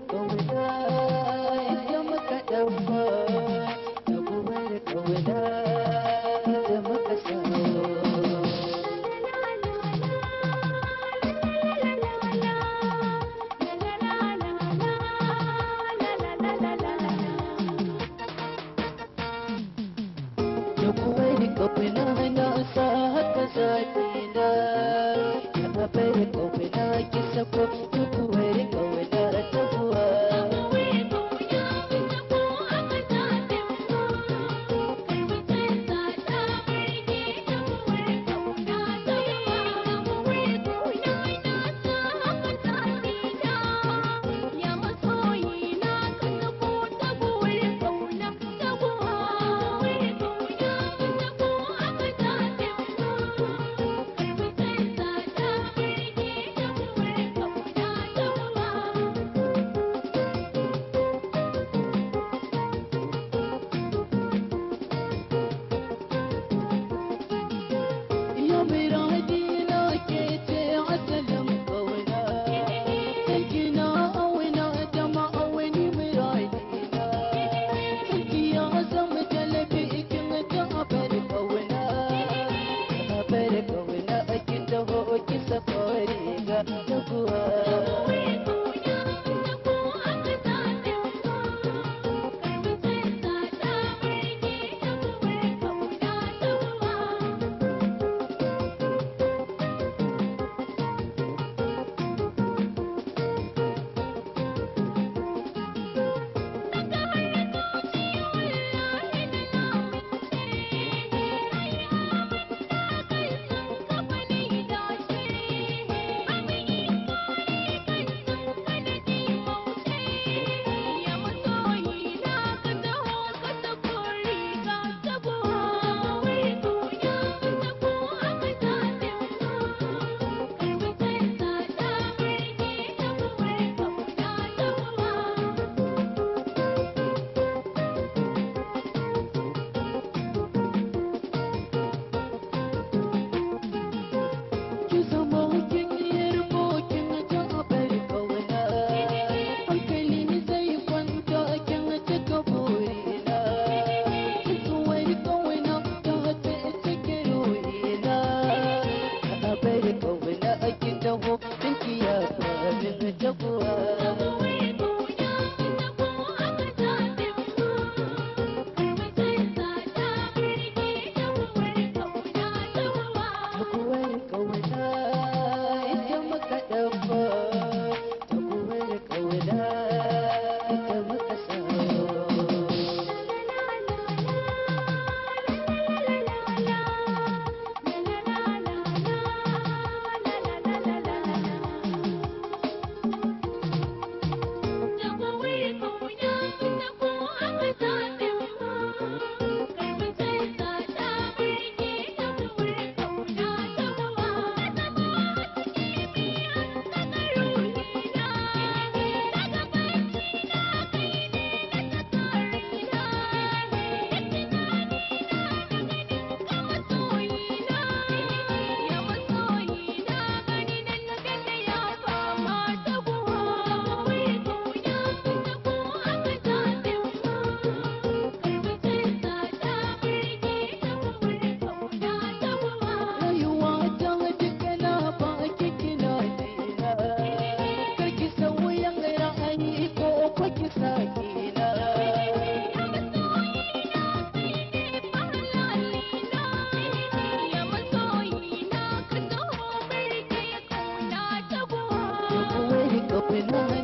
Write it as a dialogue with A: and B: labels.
A: go going us. good. with